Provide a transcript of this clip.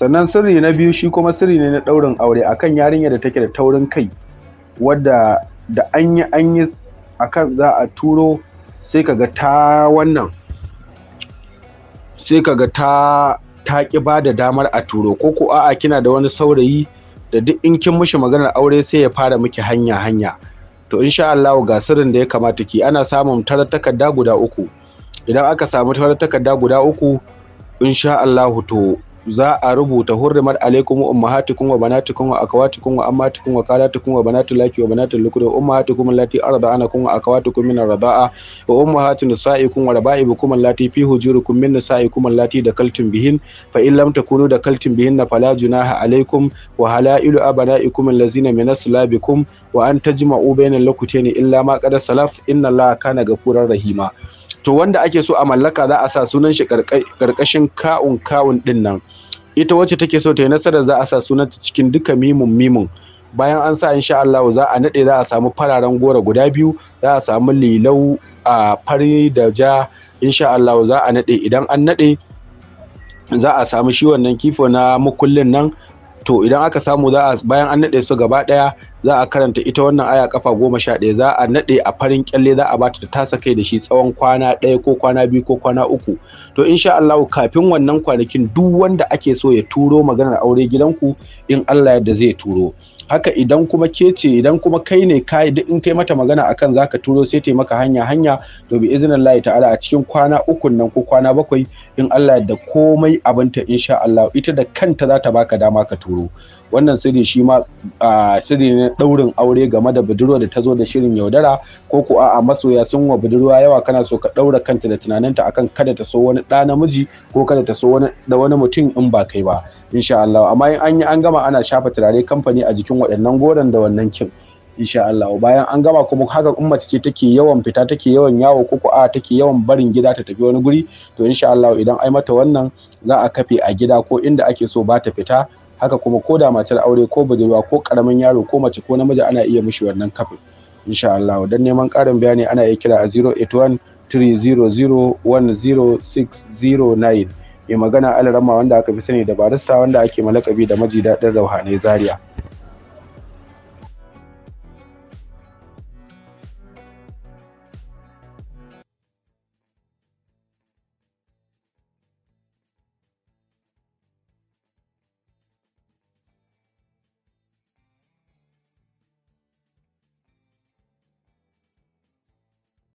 sannan sirri na biyu shi kuma sirri ne na ɗaurin aure akan yarinya da take da taurin kai wadda da an yi an yi akan za a turo sai kaga ta wannan sai kaga ta ta ki ba da damar a turo ko ko a'a kina da wani saurayi da duk in kin mishi maganar aure sai ya fara miki hanya hanya to insha Allah ga sirrin da ya kamata ki ana samun tarar takarda guda uku idan aka samu tarar takarda guda uku insha Allah to za a rubuta hurrimar alaikum ummahatikum wa banatikum wa akawatikum wa ammatikum wa khalatukum wa banatul laki wa banatul lukuri wa ummahatikum allati arda'anakum wa akawatikum min arda'a wa ummahatu nisa'ikum wa raba'ibukum allati fi hujurikum min nisa'ikum allati dakaltum bihin fa in lam takunu dakaltum bihin fala junaha alaikum wa halailu abana'ikum allazina min aslabikum wa an tajma'u bainal lakutaini illa ma qad salaf inna allaha kana ghafurar rahima to wanda ake so a mallaka za a sa sunan shi karkashin ka'un ka'un din nan ita wacce take so ta yi nasarar za a sa sunanta cikin duka mimun mimun bayan an sa insha Allah za a nade za a samu fararen gora guda biyu za a samu lilau a fari da ja insha Allah za a nade idan an nade za a samu shi wannan kifo na mukullin nan to idan aka samu za a bayan an nade su gaba daya za a karanta ita wannan aya kafa goma sha ɗaya za a naɗe a farin kyalle za a bata ta tasa kai da shi tsawon kwana ɗaya ko kwana biyu ko kwana uku to insha Allah kafin wannan kwanakin duk wanda ake so ya turo maganar aure gidanku in Allah yadda zai turo haka idan kuma ke ce idan kuma kai ne ka duk in kai mata magana akan zaka turo sai ta maka hanya hanya to bi iznillahi ta'ala a cikin kwana ukun nan ko kwana bakwai in Allah yadda komai abinta insha Allah ita da kanta za ta baka dama ka turo wannan sirri shi ma sirri ne ɗaurin aure game da budurwa da ta zo da shirin yaudara ko ko a'a masoya sun wa budurwa yawa kana so ka ɗaura kanta da tunaninta akan kada ta so wani ɗa namiji ko kada ta so wani da wani mutum in ba kai ba insha Allah amma in an yi an gama ana shafa turare kamfani a jikin waɗannan goron da wannan kin insha Allah bayan an gama kuma haka in mace ce take yawan fita take yawan yawo ko a take yawan barin gida ta tafi wani guri to insha Allah idan ai mata wannan za a kafe a gida ko inda ake so ba ta fita haka kuma ko da matar aure ko budurwa ko karamin yaro ko mace ko namiji ana iya mishi wannan kafin insha Allah don neman karin bayani ana iya kira a 081 300 mai magana alarama wanda aka fi sani da barista wanda ake malakabi da maji daɗin rauhanai zaria